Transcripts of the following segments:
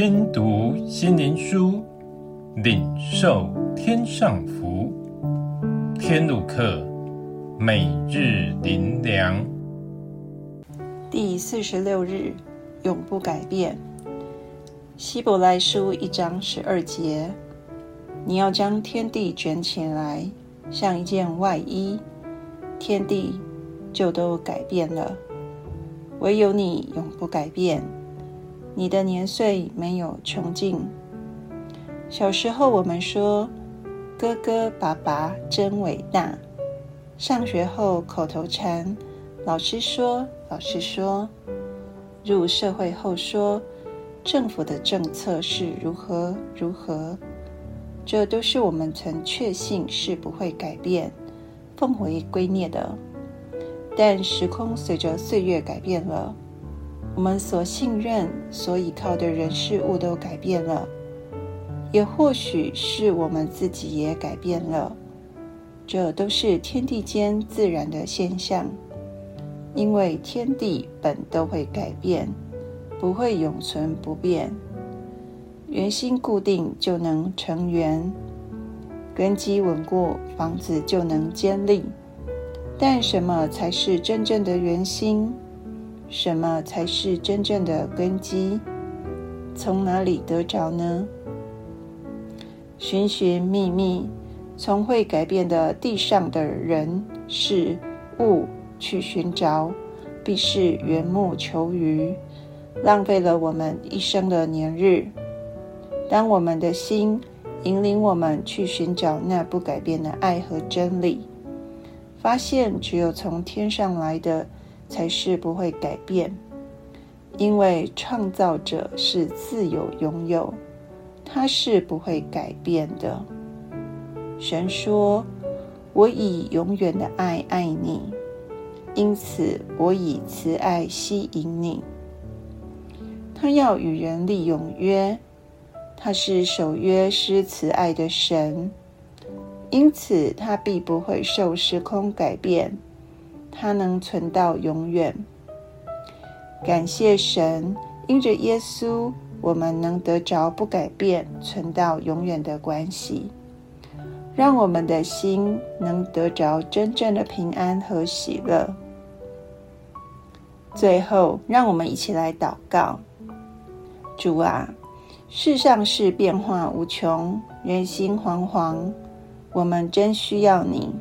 聽讀心靈書，領受天上福。天路客，每日靈糧。第四十六日，永不改變。希伯來書一章十二節，你要將天地捲起來，像一件外衣，天地就都改變了，唯有你永不改變。你的年歲沒有窮盡。小時候我們說“哥哥爸爸真偉大”，上學後口頭禪“老師說，老師說”，入社會後說“政府的政策是如何如何”，這都是我們曾確信是不會改變、奉為圭臬的。但時空隨着歲月改變了。我們所信任、所倚靠的人事物都改變了，也或許是我們自己也改變了，這都是天地間自然的現象。因為天地本都會改變，不會永存不變。圓心固定就能成圓，根基穩固，房子就能堅立。但什麼才是真正的圓心？什麼才是真正的根基？從哪裡得着呢？尋尋覓覓，從會改變的地上的人事物去尋找，必是緣木求魚，浪費了我們一生的年日。當我們的心引領我們去尋找那不改變的愛和真理，發現只有從天上來的。才是不會改變，因為創造者是自有永有，他是不會改變的。神說：“我以永遠的愛愛你，因此我以慈愛吸引你。”他要與人立永約，他是守約施慈愛的神，因此他必不會受時空改變。它能存到永遠，感謝神，因着耶穌，我們能得着不改變、存到永遠的關係，讓我們的心能得着真正的平安和喜樂。最後，讓我們一起來禱告：主啊，世上事變化無窮，人心惶惶，我們真需要你，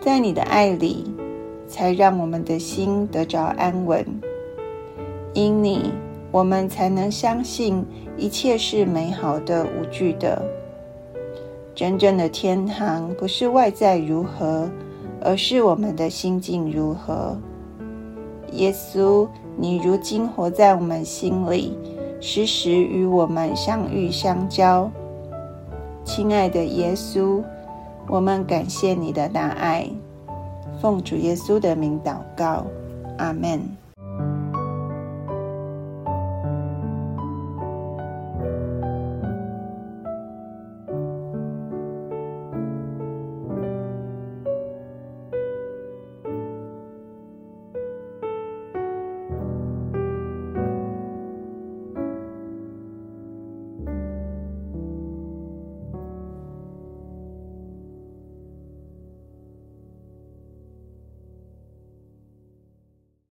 在你的愛裡。才讓我們的心得着安穩，因你，我們才能相信一切是美好的、無懼的。真正的天堂不是外在如何，而是我們的心境如何。耶穌，你如今活在我們心裡，時時與我們相遇相交。親愛的耶穌，我們感謝你的大愛。奉主耶穌的名禱告，阿門。